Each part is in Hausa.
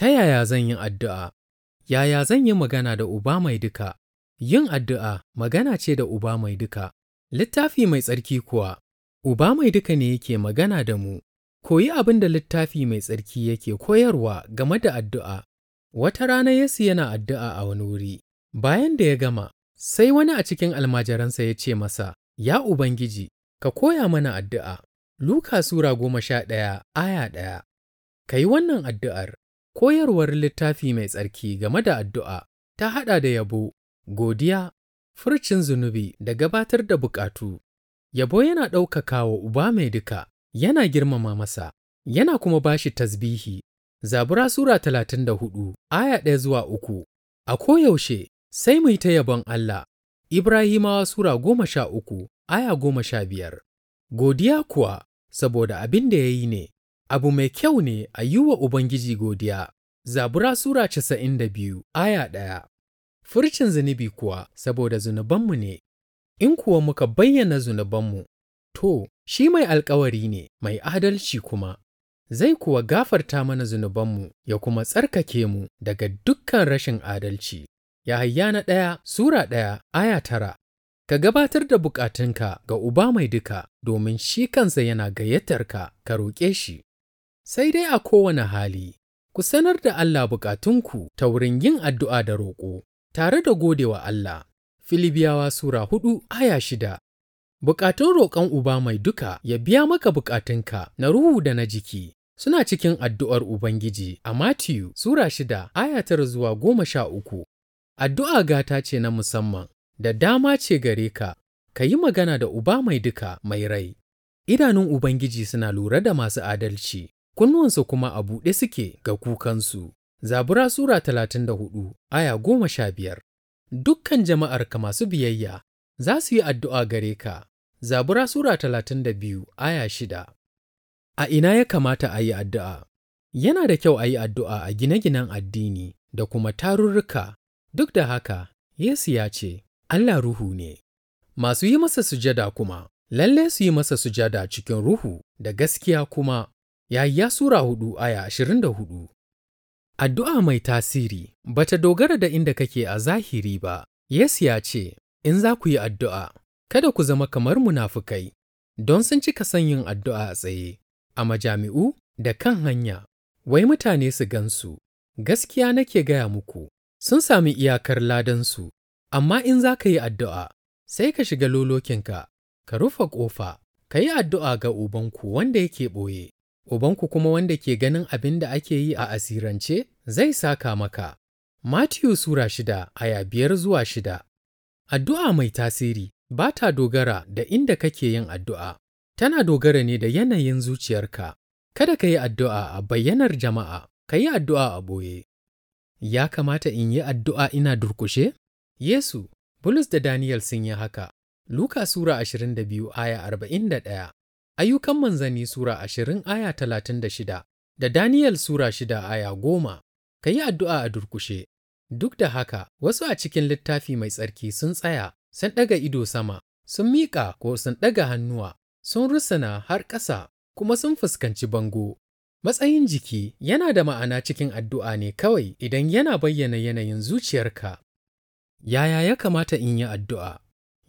Ta yaya zan yi addu'a? Yaya zan yi magana da Uba mai duka? Yin addu'a magana ce da Uba mai duka. Littafi mai tsarki kuwa, Uba mai duka ne yake magana da mu. Koyi abin da littafi mai tsarki yake koyarwa game da addu'a. Wata rana Yesu yana addu'a a wani wuri. Bayan da ya gama, sai wani a cikin almajiransa ya ce masa, Ya Ubangiji, ka koya mana addu'a. Luka Sura goma sha ɗaya aya ɗaya. Ka yi wannan addu'ar, Koyarwar Littafi Mai Tsarki game da addu'a ta haɗa da yabo, godiya, furcin zunubi da gabatar da bukatu. Yabo yana ɗaukaka wa Uba Mai Duka, yana girmama masa, yana kuma ba shi tasbihi. Zabura Sura talatin da hudu aya ɗaya zuwa uku A koyaushe sai mu yi ta yabon Allah. Ibrahimawa Sura goma sha uku aya goma sha biyar Godiya kuwa saboda abin da ya yi ne Abu mai kyau ne a yi wa Ubangiji godiya Zabura Sura casa'in da biyu aya ɗaya Furcin zunubi kuwa saboda zunubanmu ne, in kuwa muka bayyana zunubanmu, to, shi mai alkawari ne mai adalci kuma, zai kuwa gafarta mana zunubanmu ya kuma tsarkake mu daga dukkan rashin adalci. Yahayya na ɗaya Sura ɗaya aya tara Ka gabatar da bukatunka ga Uba mai duka domin shi kansa yana gayyatarka ka roƙe shi. Sai dai a kowane hali, ku sanar da Allah bukatunku ta wurin yin addu'a da roƙo, tare da godewa Allah. Filibiyawa Sura hudu aya shida Bukatun roƙon Uba mai duka ya biya maka bukatunka na ruhu da na jiki suna cikin addu'ar Ubangiji a Matiyu Sura shida aya tara zuwa goma sha uku. Addu'a gata ce na musamman da dama ce gare ka, ka yi magana da Uba mai duka mai rai. Idanun Ubangiji suna lura da masu adalci kunnuwansu kuma a buɗe suke ga kukansu. Zabura Sura talatin da hudu aya goma sha biyar Dukkan jama'arka masu biyayya za su yi addu'a gare ka. Zabura Sura talatin da biyu aya shida A ina ya kamata a yi addu'a? Yana da kyau a yi addu'a a gine-ginen addini da kuma tarurruka. Duk da haka, Yesu ya ce, Allah ruhu ne. Masu yi masa sujada kuma, lalle su yi masa sujada cikin ruhu da gaskiya kuma Yayya Sura hudu aya ashirin da hudu Addu'a mai tasiri ba ta dogara da inda kake a zahiri ba, Yesu ya ce, In za ku yi addu'a, kada ku zama kamar munafukai, don sun cika son yin addu'a a tsaye, a majami'u da kan hanya, wai mutane su gansu, gaskiya nake gaya muku, sun sami iyakar ladansu, amma in za ka yi addu'a, sai ka shiga lolokinka, ka rufe ƙofa, ka yi addu'a ga Ubanku wanda yake ɓoye. Ubanku kuma wanda ke ganin abin da ake yi a asirance zai saka maka. Matiyu Sura shida aya biyar zuwa shida Addu'a mai tasiri ba ta dogara da inda kake yin addu'a, tana dogara ne da yanayin zuciyarka. Kada ka yi addu'a a bayyanar jama'a, ka yi addu'a a boye. Ya kamata in yi addu'a ina durkushe? Yesu, Bulus da Daniel sun yi haka. Luka Sura 22 aya ɗaya. Ayyukan Manzani Sura ashirin aya talatin da shida da daniel Sura shida aya goma. Ka yi addu'a a durkushe Duk da haka, wasu a cikin littafi mai tsarki sun tsaya, sun ɗaga ido sama, sun miƙa ko sun ɗaga hannuwa, sun rusuna har ƙasa, kuma sun fuskanci bango. Matsayin jiki yana da ma'ana cikin addu'a ne kawai idan yana bayyana yanayin zuciyarka. Yaya ya kamata in yi addu'a?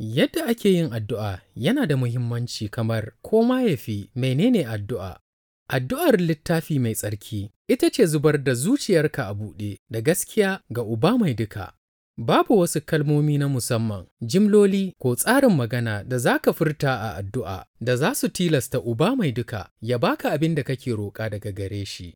Yadda ake yin addu'a yana da muhimmanci kamar ko ya fi menene addu'a. Addu'ar Littafi Mai Tsarki ita ce zubar da zuciyarka a buɗe da gaskiya ga Uba Mai Duka. Babu wasu kalmomi na musamman, jimloli ko tsarin magana da za ka furta a addu'a da za su tilasta Uba Mai Duka ya baka abin da kake roƙa daga gare shi.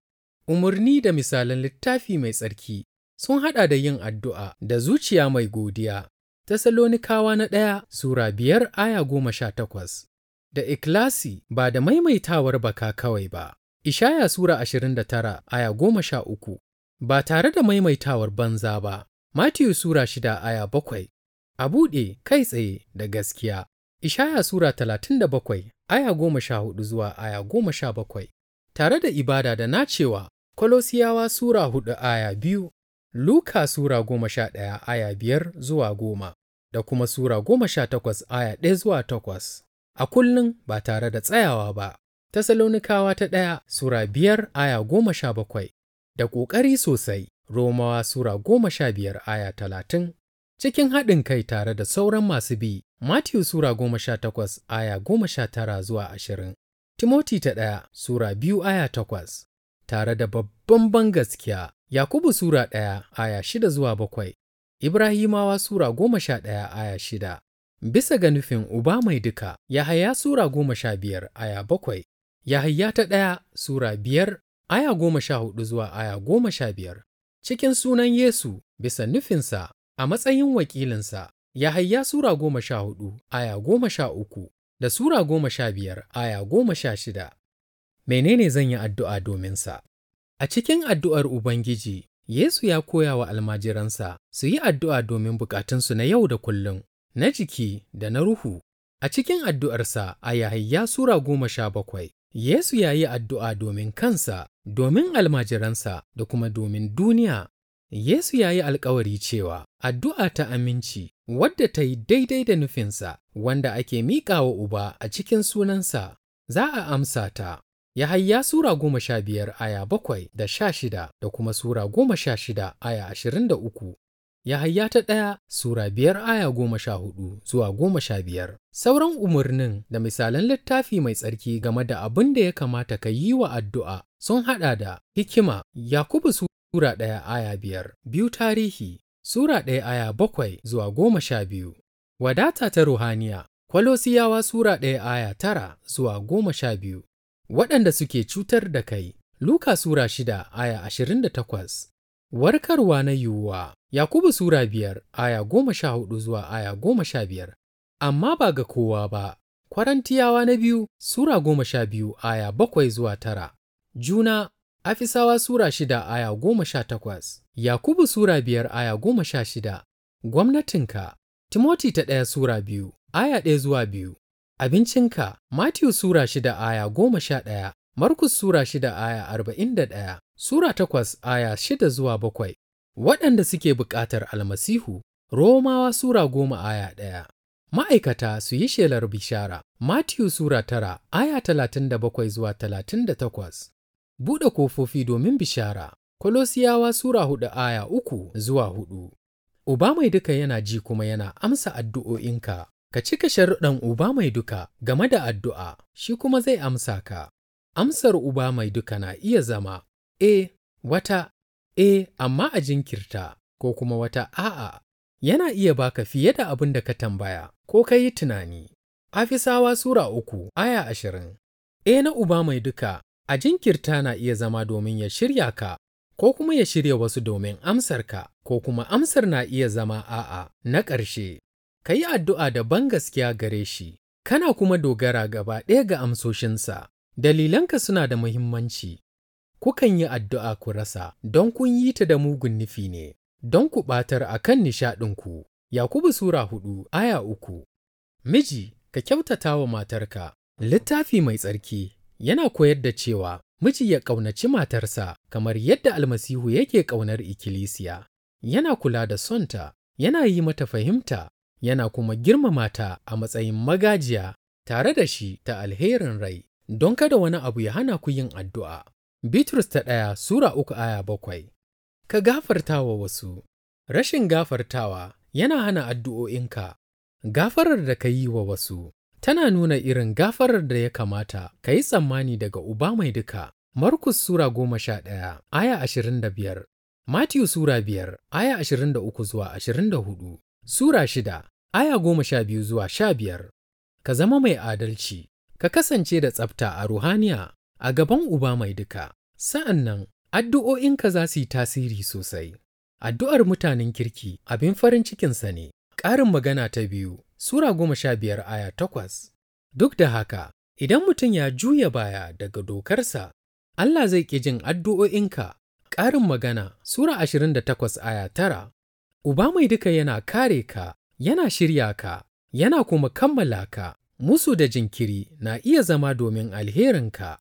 Umarni da misalan Littafi Mai Tsarki sun haɗa da yin addu'a da zuciya mai godiya Tessalonikawa na ɗaya Sura biyar aya goma sha takwas Da ikilasi ba da maimaitawar baka kawai ba, Ishaya Sura ashirin da tara aya goma sha uku ba tare da maimaitawar banza ba, Matiyu Sura shida aya bakwai a buɗe kai tsaye da gaskiya, Ishaya Sura talatin da bakwai aya goma sha hudu zuwa aya goma sha bakwai tare da ibada da nacewa, Kolosiyawa Sura hudu aya biyu Luka Sura goma sha ɗaya aya biyar zuwa goma da kuma Sura goma sha takwas aya ɗaya zuwa takwas. A kullum ba tare da tsayawa ba, Tessalonikawa ta ɗaya Sura biyar aya goma sha bakwai da ƙoƙari sosai Romawa Sura goma sha biyar aya talatin cikin haɗin kai tare da sauran masu bi Matiyu Sura goma sha takwas aya goma sha tara zuwa ashirin. Timoti ta ɗaya Sura biyu aya takwas tare da babban gaskiya Yakubu Sura ɗaya aya shida zuwa bakwai, Ibrahimawa Sura goma sha ɗaya aya shida, bisa ga nufin Uba mai duka, Yahaya Sura goma sha biyar aya bakwai, Yahaya ta ɗaya Sura biyar aya goma sha hudu zuwa aya goma sha biyar, cikin sunan Yesu bisa nufinsa a matsayin wakilinsa, Yahaya Sura goma sha hudu aya goma sha uku da Sura goma sha biyar aya goma sha shida. Menene zan yi addu'a dominsa? A cikin addu'ar Ubangiji, Yesu ya koya wa almajiransa su yi addu'a domin bukatunsu na yau da kullum, na jiki da na ruhu. A cikin addu'arsa a yahayya Sura goma sha bakwai, Yesu ya yi addu'a domin kansa, domin almajiransa da kuma domin duniya. Yesu ya yi alkawari cewa addu'a ta aminci, wadda ta yi daidai da nufinsa, wanda ake miƙa wa Uba a cikin sunansa, za a amsa ta. Yahaya Sura goma sha biyar aya bakwai da sha shida da kuma Sura goma sha shida aya ashirin da uku. Yahaya ta ɗaya Sura biyar aya goma sha hudu zuwa goma sha biyar. Sauran umarnin da misalan littafi mai tsarki game da abin da ya kamata ka yi wa addu'a sun haɗa da hikima Yakubu Sura ɗaya aya biyar, biyu tarihi Sura ɗaya aya bakwai zuwa goma sha biyu. Wadata ta ruhaniya Kwalosiyawa Sura ɗaya aya tara zuwa goma sha biyu. waɗanda suke cutar da kai. Luka Sura shida aya ashirin da takwas Warkarwa na yiwuwa Yakubu Sura biyar aya goma sha hudu zuwa aya goma sha biyar amma ba ga kowa ba. Kwarantiyawa na biyu Sura goma sha biyu aya bakwai zuwa tara. Juna Afisawa Sura shida aya goma sha takwas Yakubu Sura biyar aya goma sha shida Gwamnatinka Timoti ta ɗaya Sura biyu aya ɗaya zuwa biyu Abincinka Mattiyu Sura shida aya goma sha ɗaya, Markus Sura shida aya arba'in da ɗaya, Sura takwas aya shida zuwa bakwai Waɗanda suke buƙatar almasihu Romawa Sura goma aya ɗaya Ma'aikata su yi shelar bishara Mattiyu Sura tara aya talatin da bakwai zuwa talatin da takwas Buɗe kofofi domin bishara Kolosiyawa Sura hudu aya uku zuwa hudu Uba mai duka yana ji kuma yana amsa addu'o'inka. Ka cika sharuɗan Uba Mai Duka game da addu'a, shi kuma zai amsa ka. Amsar Uba Mai Duka na iya zama, E, wata E, amma a jinkirta, ko kuma wata A'a. Yana iya baka fiye da abin da ka tambaya ko ka yi tunani. Afisawa Sura uku, aya ashirin. E na Uba Mai Duka, a jinkirta na iya zama domin ya shirya ka ko kuma ya shirya wasu domin amsar ka, ko kuma amsar na iya zama a'a na ƙarshe. ka yi addu'a da bangaskiya gare shi, kana kuma dogara gaba ɗaya ga amsoshinsa. Dalilanka suna da muhimmanci. Kukan yi addu'a ku rasa don kun yi ta da mugun nufi ne, don ku ɓatar a kan nishaɗinku. Yakubu Sura hudu aya uku Miji, ka kyautata wa matarka. Littafi mai tsarki yana koyar da cewa miji ya ƙaunaci matarsa kamar yadda almasihu yake ƙaunar ikkilisiya. Yana kula da sonta, yana yi mata fahimta, yana kuma girmama ta a matsayin magajiya tare da shi ta alherin rai, don kada wani abu ya hana ku yin addu'a. Bitrus ta ɗaya Sura uku aya bakwai Ka gafarta wa wasu Rashin gafartawa yana hana addu'o'inka, gafarar da ka yi wa wasu tana nuna irin gafarar da ya kamata ka yi tsammani daga Uba mai duka. Markus Sura goma sha ɗaya aya ashirin da biyar Matiyu Sura biyar aya ashirin da uku zuwa ashirin da hudu Sura shida aya goma sha biyu zuwa sha biyar Ka zama mai adalci, ka kasance da tsafta a ruhaniya a gaban Uba mai duka, sa'an nan addu'o'inka za su yi tasiri sosai. Addu'ar mutanen kirki abin farin cikinsa ne. Ƙarin magana ta biyu Sura goma sha biyar aya takwas Duk da haka, idan mutum ya juya baya daga dokarsa, Allah zai ƙi jin addu'o'inka. Ƙarin magana Sura ashirin da takwas aya tara Uba mai duka yana kare ka, yana shirya ka, yana kuma kammala ka. Musu da jinkiri na iya zama domin alherinka.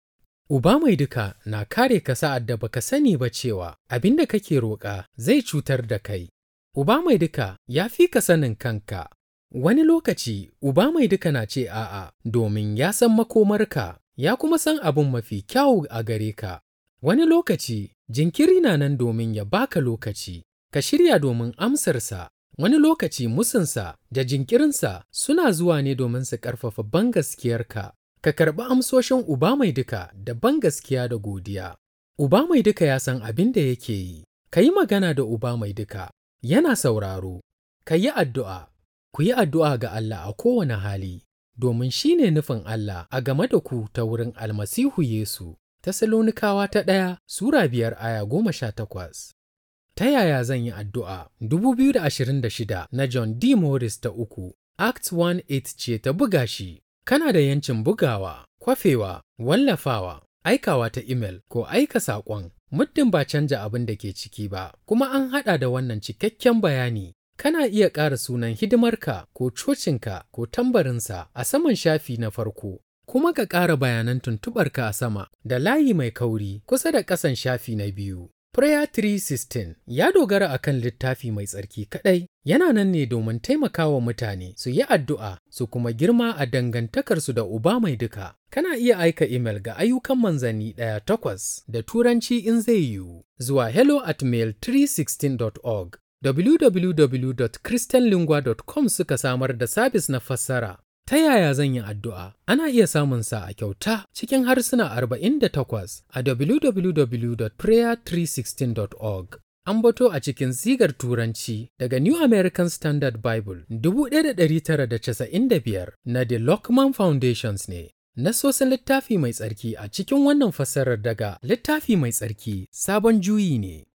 Uba mai duka na kare ka sa'ad da baka sani ba cewa abin da kake roƙa zai cutar da kai. Uba mai duka ya fi ka sanin kanka. Wani lokaci, Uba mai duka na ce a'a domin ya san makomarka, ya kuma san abin mafi kyawu a gare ka. Wani lokaci, jinkiri na nan domin ya baka lokaci, Ka shirya domin amsarsa, wani lokaci musunsa da jinkirinsa suna zuwa ne domin su ƙarfafa bangaskiyarka. Ka karɓi amsoshin Uba Mai Duka da ban gaskiya da godiya. Uba Mai Duka ya san abin da yake yi, ka yi magana da Uba Mai Duka, yana sauraro, ka yi addu'a, ku yi addu'a ga Allah a kowane hali, domin shi ne nufin Allah a game da ku ta wurin almasihu Yesu. Ta salonikawa ta ɗaya Sura biyar aya goma sha takwas. Ta yaya zan yi addu'a? 2026 na John D. Morris ta uku, Act 1-8 ce ta buga shi. Kana da yancin bugawa, kwafewa, wallafawa, aikawa ta imel ko aika saƙon, muddin ba canja abin da ke ciki ba, kuma an haɗa da wannan cikakken bayani. Kana iya ƙara sunan hidimarka ko cocinka ko tambarinsa a saman shafi na farko, kuma ka ƙara bayanan tuntuɓarka a sama da layi mai kauri kusa da ƙasan shafi na biyu. Prayer 316 ya dogara a kan littafi mai tsarki kaɗai, yana nan ne domin taimakawa mutane su yi addu'a su kuma girma a dangantakarsu da Uba mai duka. Kana iya aika imel ga ayyukan manzanni ɗaya takwas da Turanci in zai yiwu zuwa hello at mail316.org www.christianlingua.com suka samar da sabis na fassara. Ta yaya zan yi addu'a? Ana iya samun sa a kyauta cikin harsuna arba'in da 48 a www.prayer316.org. An bato a cikin sigar Turanci daga New American Standard Bible dubu da 1995 na The Lockman Foundations ne. Na Nasosin littafi mai tsarki a cikin wannan fassarar daga littafi mai tsarki sabon juyi ne.